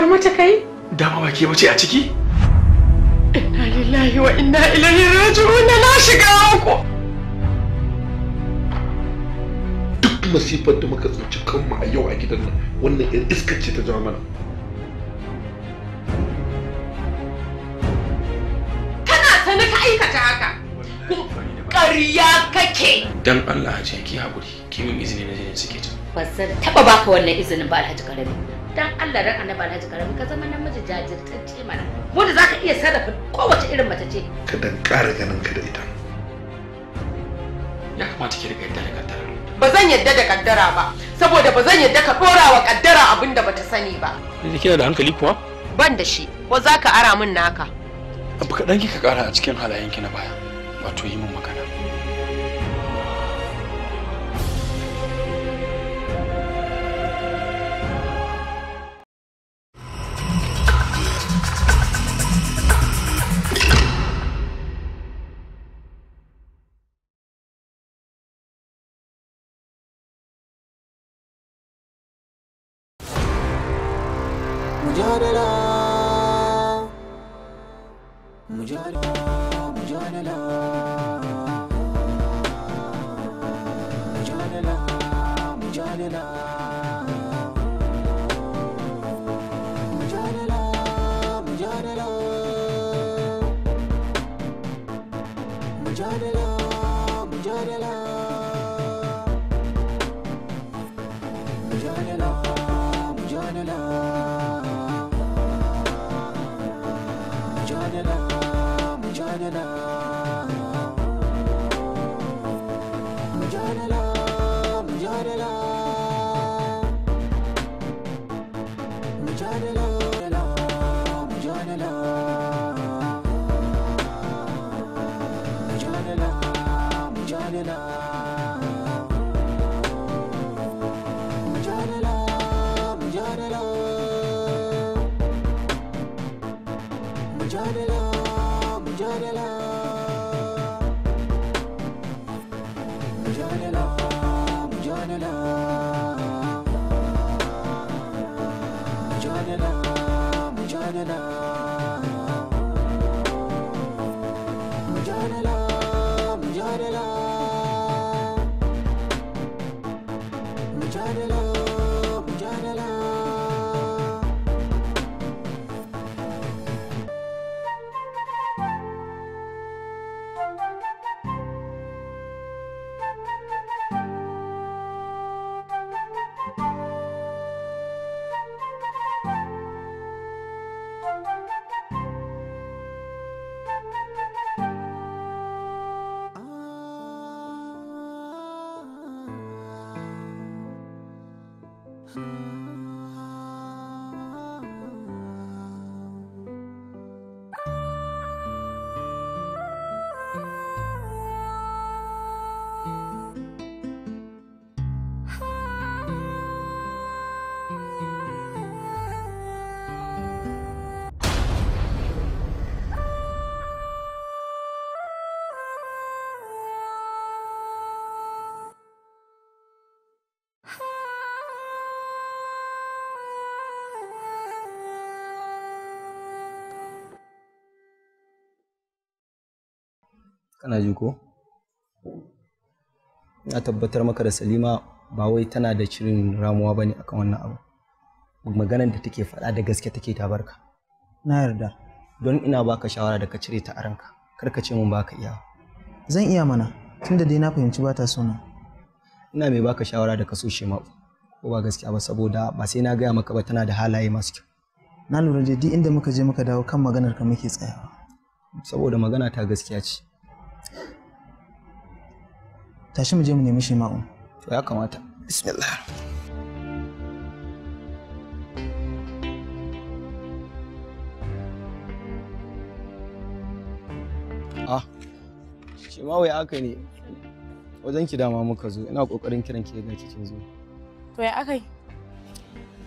far mata kai? Dama ba ke wace a ciki? Inna lillahi wa inna ilaihi raji'un na shiga uku. Duk masifar da muka tsinci kanmu a yau a gidan nan wannan yar iskar ce ta jawo mana. Kana sani ka aikata haka? Ƙarya kake. Dan Allah ce ki haƙuri, ki min izini na jinin suke ta. Ba zan taɓa baka wannan izinin ba Alhaji Karami. dan Allah ran annabi Alhaji Karami ka zama namiji jajirtacce mana mu da zaka iya sarrafa kowace irin mace ce ka dan ƙara ganin ka da ita ya kamata ki riga yadda da kaddara ba zan yadda da kaddara ba saboda ba zan yadda ka dora wa kaddara abin da bata sani ba ni kina da hankali kuwa ban da shi ko zaka ara min naka abu kaɗan kika ƙara a cikin halayenki na baya wato yi min magana God. ana ji ko? na tabbatar maka da Salima ba wai tana da cirin ramuwa bane akan wannan abu. Maganar da take faɗa da gaske take ta barka. Na yarda. Don ina baka shawara da ka cire ta a ranka. Kar ka ce mun baka iya. Zan iya mana, tunda dai na fahimci bata ta sona. Ina mai baka shawara da ka so ma Ko ba gaskiya ba saboda ba sai na gaya maka ba tana da halaye masu kyau. Na lura da duk inda muka je muka dawo kan maganar ka muke tsayawa. Saboda magana ta gaskiya ce. tashi mu je mu nemi to ya kamata bismillah ah shima'u ya aka ne wajen ki dama muka zo ina kokarin kiran ki ga cikin zo to ya yi.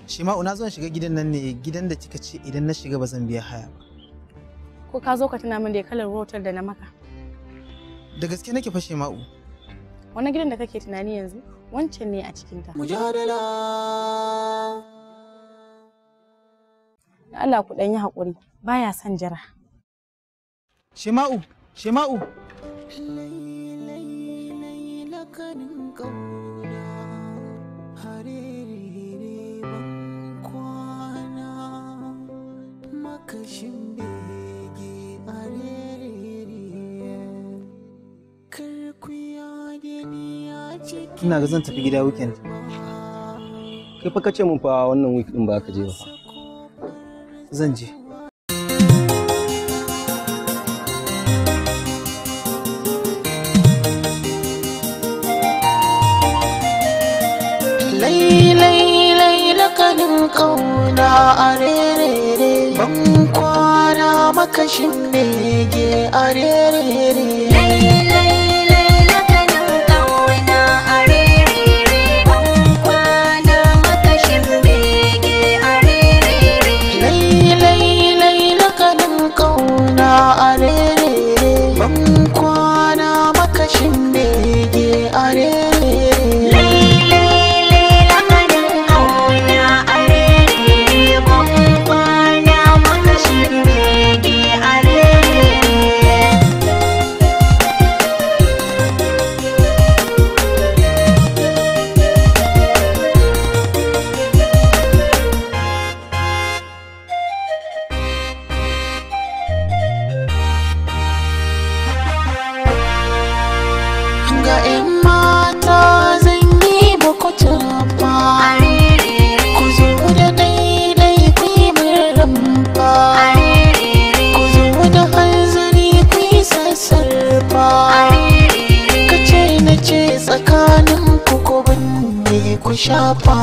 shima'u na zo shiga gidan nan ne gidan da kika ce idan na shiga ba zan biya haya ba ko ka zo ka tana min da kalar rotar da na maka da gaske nake fashe ma'u Wani gidan da kake tunani yanzu wancan ne a cikinta. Mujadala. Allah ku ɗan yi haƙuri baya son jira. Shima'u, Shima'u. Kashin ina ga zan tafi gida weekend kai fa ce mun fa wannan week din ba ka je ba zan je kauna a rere ban kwana makashin mege a rere shafa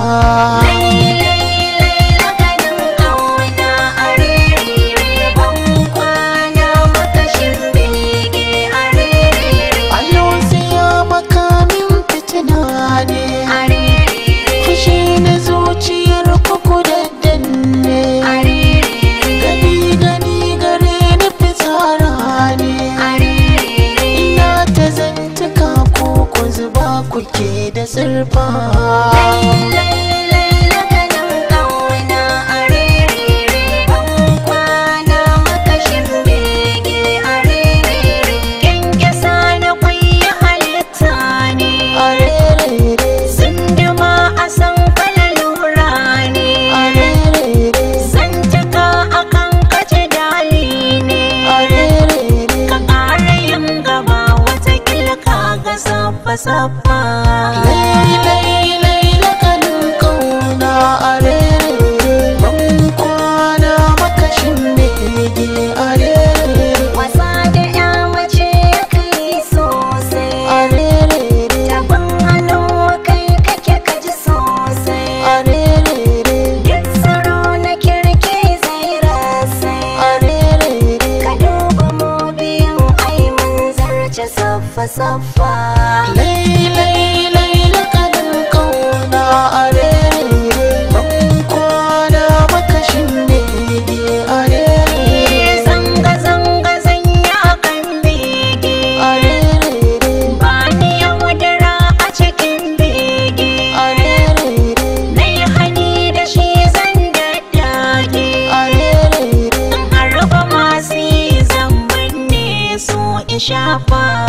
saba saba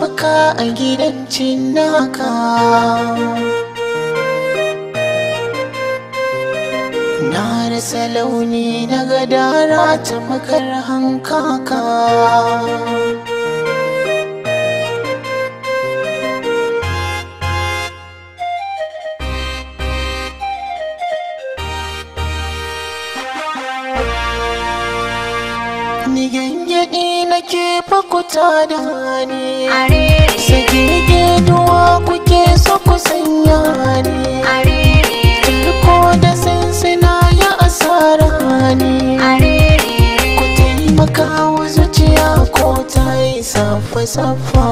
mafaka a gidan cinnaka na rasa launi na gadara ta makar hankaka ke fakuta da hani Sagege duwa kuke so ku sanya hani Turko da sansana ya asara hani Ku taimaka wa zuciya ko ta yi safa-safa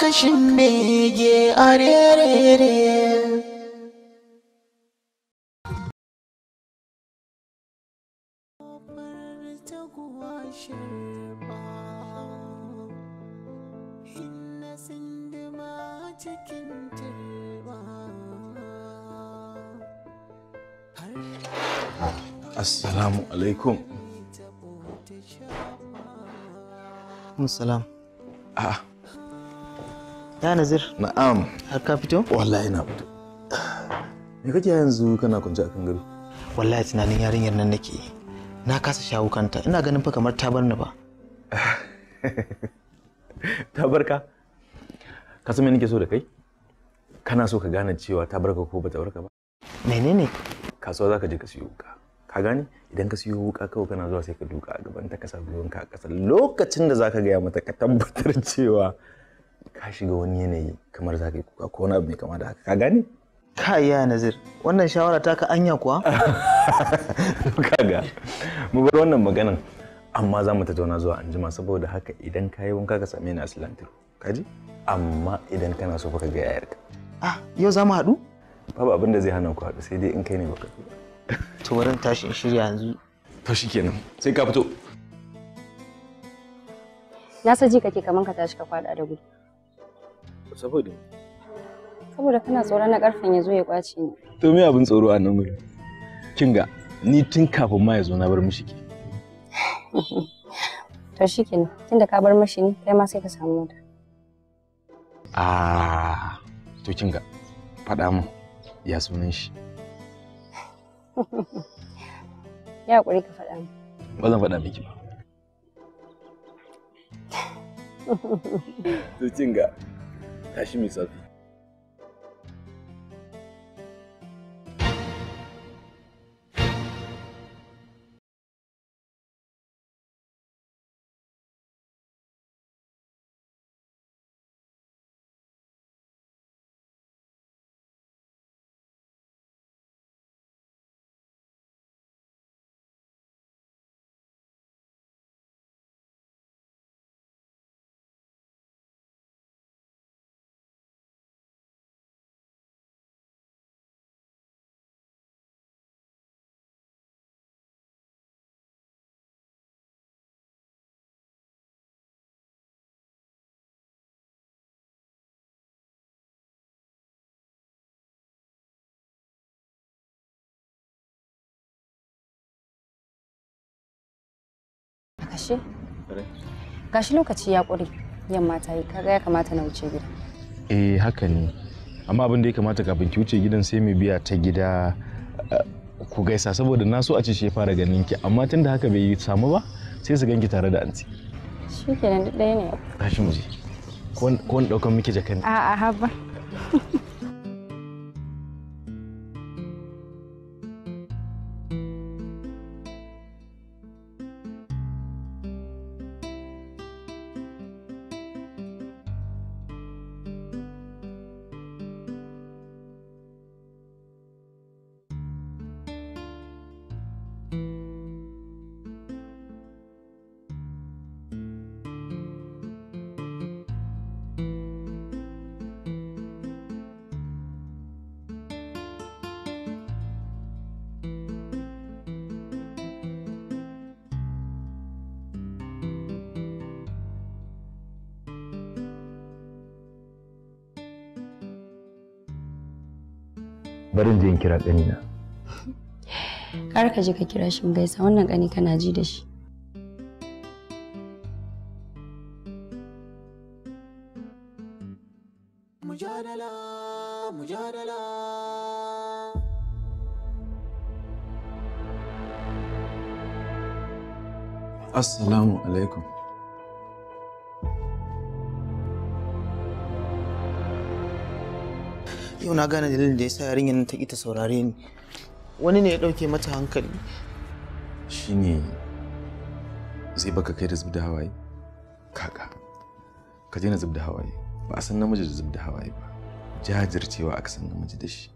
kashin mege a rere Assalamu alaikum. Assalam. A'a. Ah, Ya Nazir. Na'am. Har ka fito? Wallahi na fito. Me kake yanzu kana a akan gado? Wallahi tunanin yarinyar nan nake. Na kasa shawo kanta. Ina ganin fa kamar ta bar ni ba. Ta barka. Ka san me nake so da kai? Kana so ka gane cewa ta barka ko bata barka ba? Menene? Kasuwa zaka je ka siyo wuka. Ka gane? Idan ka siyo wuka kawai kana zuwa sai ka duka a gaban ta ka sa ka a ƙasa. Lokacin da zaka gaya mata ka tabbatar cewa ka shiga wani yanayi kamar za yi kuka ko wani abu mai kama da haka ka gane ka iya nazir wannan shawara ta ka anya kuwa kaga mu bar wannan maganan amma za mu tattauna zuwa anjima saboda haka idan ka yi wanka ka same ni a ka kaji amma idan kana so ka ga yayarka ah yau za mu haɗu babu abin da zai hana ku haɗu sai dai in kai ne baka to bari tashi in shirya yanzu to shikenan sai ka fito na saji kake kaman ka tashi ka kwada da gudu saboda saboda kana tsoron na karfen ya zo ya kwace ni to me abin tsoro a nan gurin kin ga ni tun kafin ma ya zo na bar mishi ki to shikenan tunda ka bar mishi ni kai ma sai ka samu mota ah to kin ga faɗa min ya sunan shi ya hakuri ka faɗa min ba zan faɗa miki ba to kin ga tashi mai tsafi Ashe? Gashi lokaci ya ƙure yamma ta yi kaga ya kamata na wuce gida. Eh haka ne. Amma abin da ya kamata kafin ki wuce gidan sai mu biya ta gida eh, ku gaisa saboda na so a ce shi ya fara ganin ki amma tun da haka bai samu ba sai su ganki tare da anti. Shi kenan duk ɗaya ne. Tashi mu je. Ko wani ɗaukan miki jakan. A'a haba. barin je in kira ƙanina. Kar ka je ka kira shi gaisa wannan ƙani kana ji da shi. Mujadala, Assalamu alaikum. yau na gane dalilin da ya sa yarinyar nan ta ki ta saurare ni wani ne ya dauke mata hankali shine zai baka kai da zubda hawaye kaka ka je na zubda hawaye ba a san namiji da zubda hawaye ba jajircewa aka san namiji da shi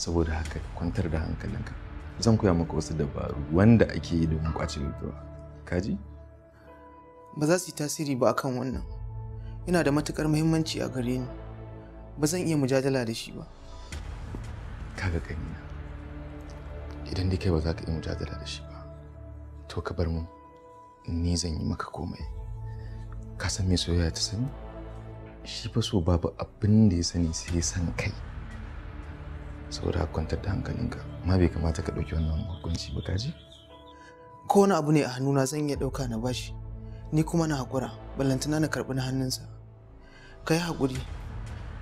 saboda haka kwantar da hankalinka zan koya maka wasu dabaru wanda ake yi domin kwace lura kaji ba za su yi tasiri ba akan wannan yana da matukar muhimmanci a gare ni ba zan iya mujadala da shi ba kaga na. idan dai kai ba za ka iya mujadala da shi ba to ka bar mu ni zan yi maka komai ka san me soyayya ta sani shi fa so babu abin da ya sani sai ya san kai saboda kwantar da hankalinka ma bai kamata ka ɗauki wannan hukunci ba ji? ko wani abu ne a hannuna zan iya ɗauka na bashi ni kuma na haƙura ballantana na karɓi na hannunsa ka yi haƙuri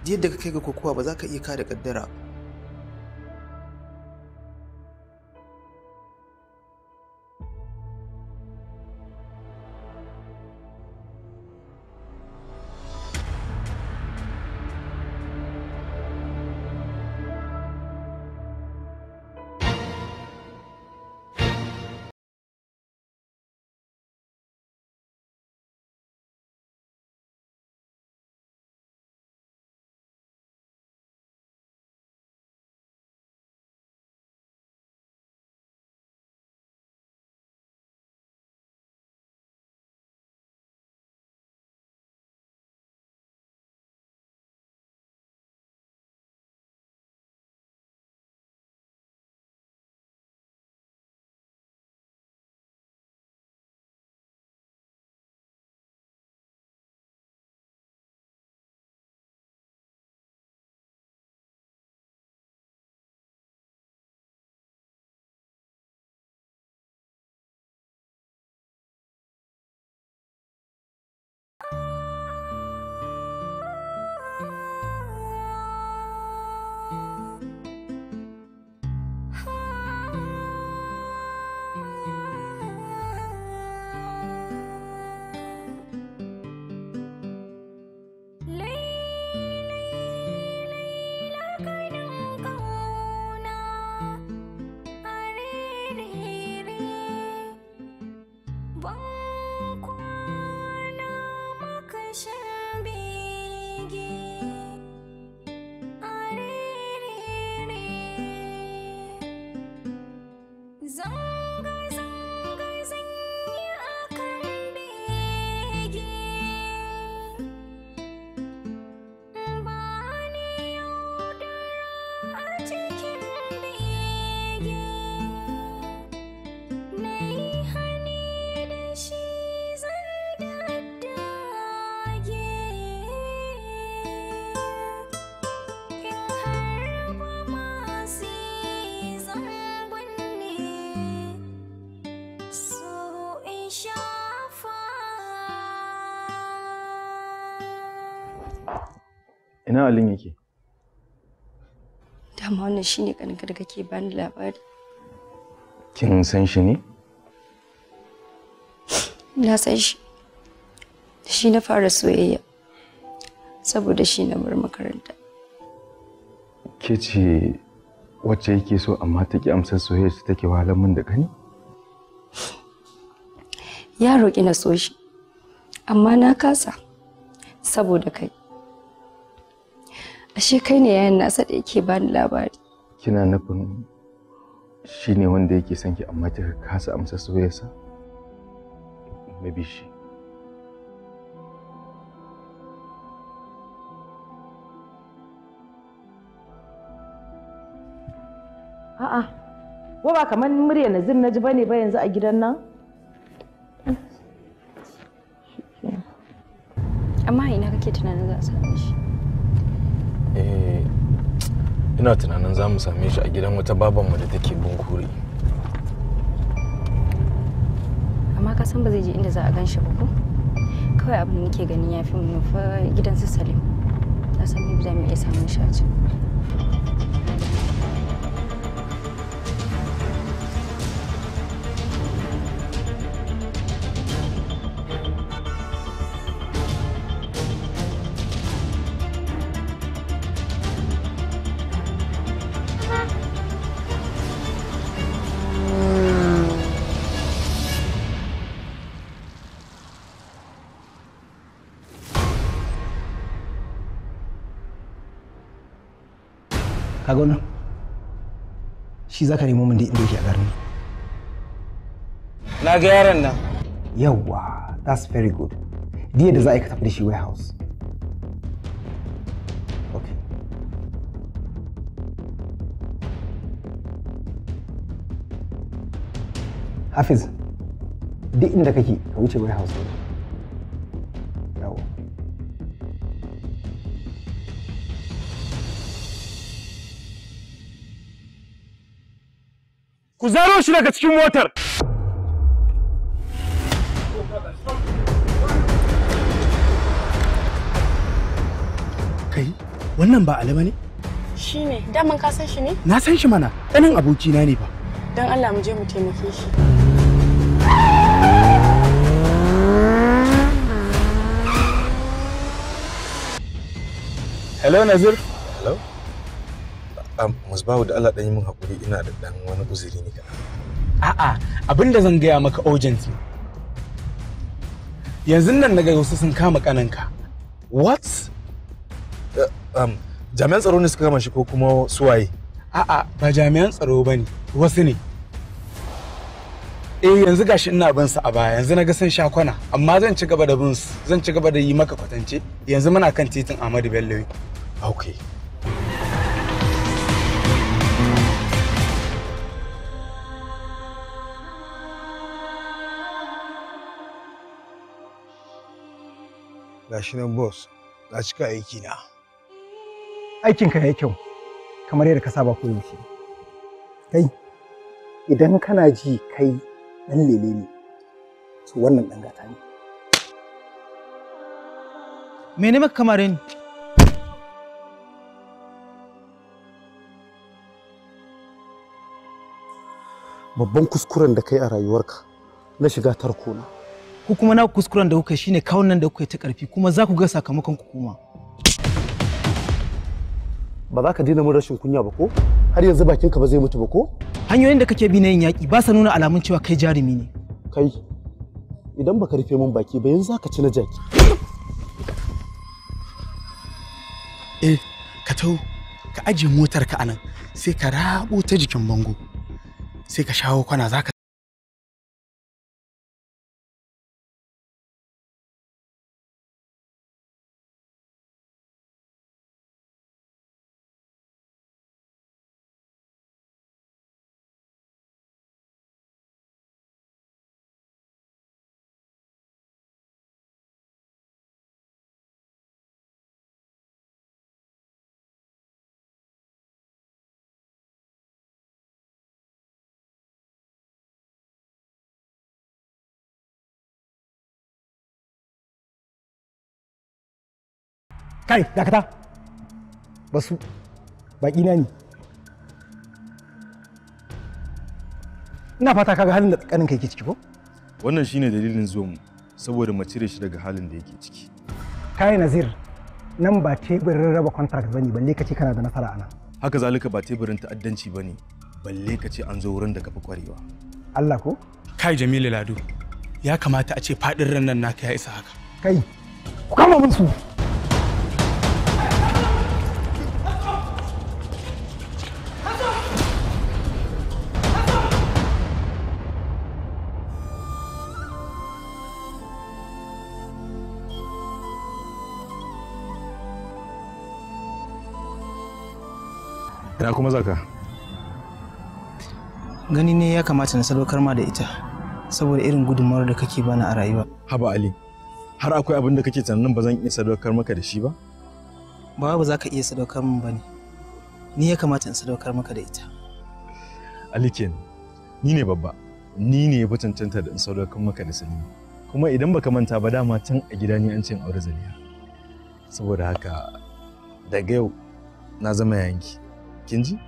yadda ka kai ga kokowa ba za ka iya kada kaddara ina alin yake dama wannan ne kaninka da kake bani labari kin san shi ne na san shi shi na fara soyayya saboda shi na bar makaranta ke ce wacce yake so amma ta ki amsar soyayya ta take wahalar min da kani ya roƙi na so shi amma na kasa saboda kai ashe kai ne yayin nasa da yake bani labari kina nufin shi ne wanda yake son ki amma kika kasa amsa soyayyarsa na bi shi a'a ko ba kamar murya na na ji bane ba yanzu a gidan nan amma ina kake tunanin za a same shi eh ina tunanin za mu same shi a gidan wata babanmu da take bunkuri. amma ka san ba zai je inda za a gan shi ba ko kawai abin da nake ganin ya fi mu fa gidan su salim na san za mu iya samun shi a can shi zaka nemo min da inda yake a garin na ga yaron nan yawwa that's very good diya da za a yi ka tafi da shi warehouse Hafiz, duk inda kake ka wuce warehouse ne. Ku zaro shi daga cikin motar. Kai, wannan ba alama ne? Shi ne, daman ka san shi ne? Na san shi mana, ɗanin abokina ne ba. Don Allah mu je mu taimake shi. Hello Nazir. Hello. Um, musbahu da Allah ɗan yi min haƙuri ina da ɗan wani uzuri ne kaɗan. A'a abin da zan gaya maka urgently. Yanzu nan na wasu sun kama kananka. What? um, jami'an tsaro ne suka kama shi ko kuma suwaye? A'a ba jami'an tsaro ba ne wasu ne. Eh yanzu gashi ina bin su a baya yanzu na ga sun sha amma zan ci gaba da bin su zan ci gaba da yi maka kwatance yanzu muna kan titin Ahmadu Bello. Okay. gashi nan boss na cika aiki na aikinka yayi kyau kamar yadda ka saba koyaushe kai idan kana ji kai dan lele ne to wannan dan gata ne mene maka kamarin babban kuskuren da kai a rayuwarka na shiga tarko na. ku kuma na kuskuren da kuka shine kawun nan da kuka ta karfi kuma za ku ga sakamakon ku kuma ba za ka daina mun rashin kunya ba ko har yanzu bakin ka ba zai mutu ba ko hanyoyin da kake bi na yin yaki ba sa nuna alamun cewa kai jarumi ne kai idan baka rufe mun baki ba yanzu zaka ci na jaki eh ka tau ka ajiye motar ka anan sai ka rabo ta jikin bango sai ka shawo kwana zaka kai dakata basu baki na ne ina fata kaga halin da tsakanin kai ke ciki ko wannan shine dalilin zuwa mu saboda mu cire shi daga halin da yake ciki kai nazir nan ba teburin raba contract bane balle kace kana da nasara ana haka zalika ba teburin ta'addanci bane balle kace an zo wurin da kafa kwarewa Allah ko kai Jamilu Lado ya kamata a ce fadin ran nan naka ya isa haka kai ku kama mun su ina kuma zaka gani ne ya kamata na sadaukar ma da ita saboda irin gudunmawar da kake bani a rayuwa haba ali har akwai abin da kake tunanin ba zan iya sadaukar maka da shi ba ba ba za ka iya sadaukar min ba ne ni ya kamata in sadaukar maka da ita ali ken ni ne babba ni ne ya fi cancanta da in sadaukar maka da salima kuma idan baka manta ba dama can a gida ni an ce in aure zaliya saboda haka daga yau na zama yanki Kenji.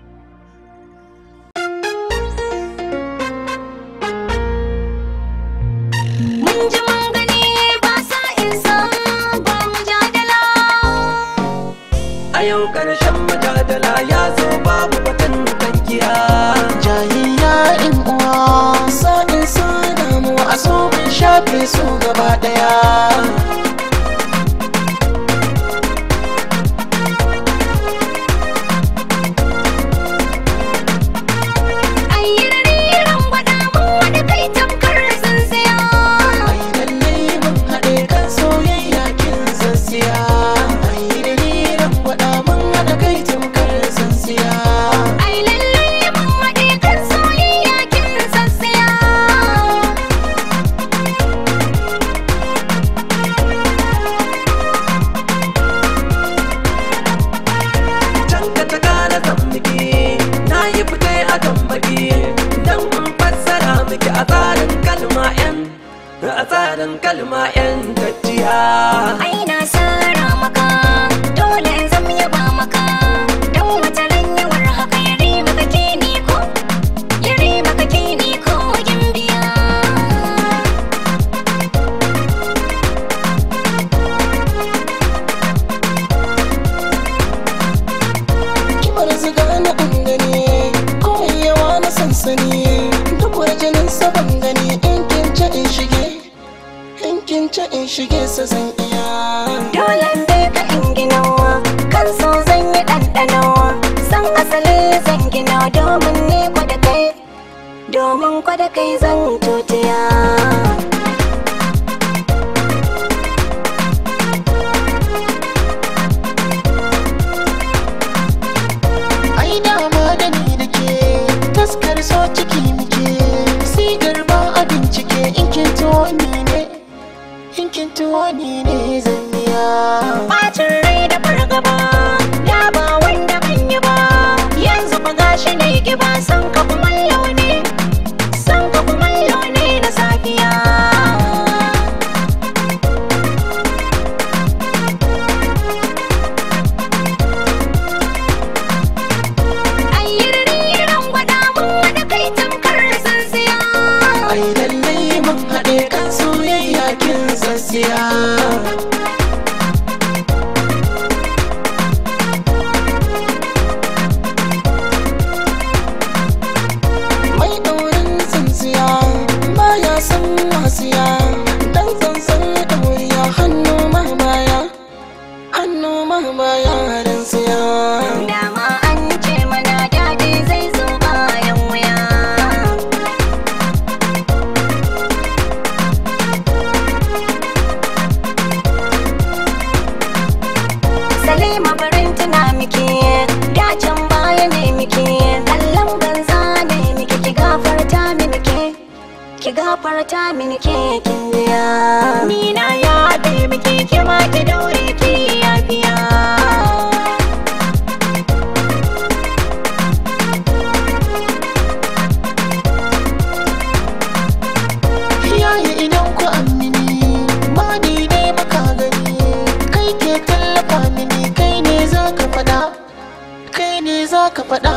Uwar jinin sabon gani in kince in shige In kince in shige sa zan iya Dole sai ka ginawa Kan so zan yi ɗanɗanawa San asali zan gina domin ni kwada kai Domin kwada kai zan tutiya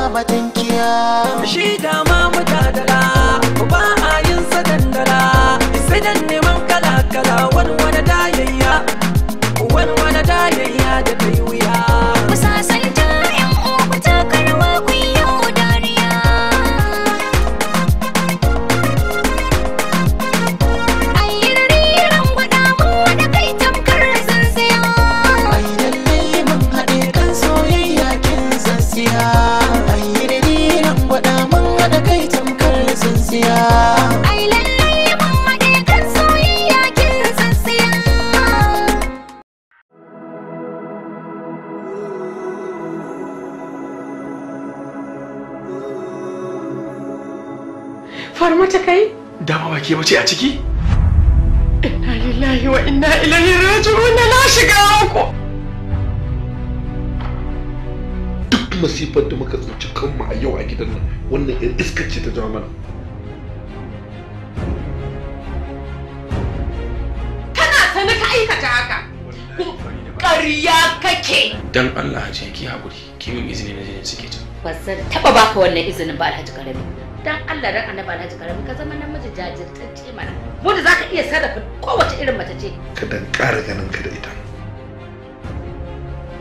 batankiya shi dama mutadala ba a yin sadandala sai dan neman kala-kala wani wani dayayya wani wani dayayya da kai wuya faru mata kai dama ba ke mace a ciki inna lillahi wa inna ilaihi raji'un na shiga ku duk masifar da muka tsinci kanmu a yau a gidan nan wannan yar iskar ce ta jawo kana sanar ka aikata haka ƙarya kake dan Allah ce ki haƙuri ki min izini na je suke can ba zan taɓa baka wannan izinin ba Alhaji Karami dan Allah dan annabi Alhaji Karami ka zama namiji jajirtacce mana da zaka iya sarrafa kowace irin mace ce ka dan ƙara ganin ka da ita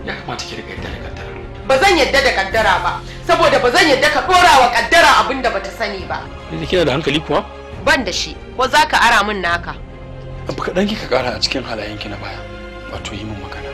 ya kamata ki riga da kaddara ba zan yadda da kaddara ba saboda ba zan yadda ka dora wa kaddara abin da bata sani ba yanzu kina da hankali kuwa ban da shi ko zaka ara min naka abu kaɗan kika ƙara a cikin halayenki na baya wato yi min magana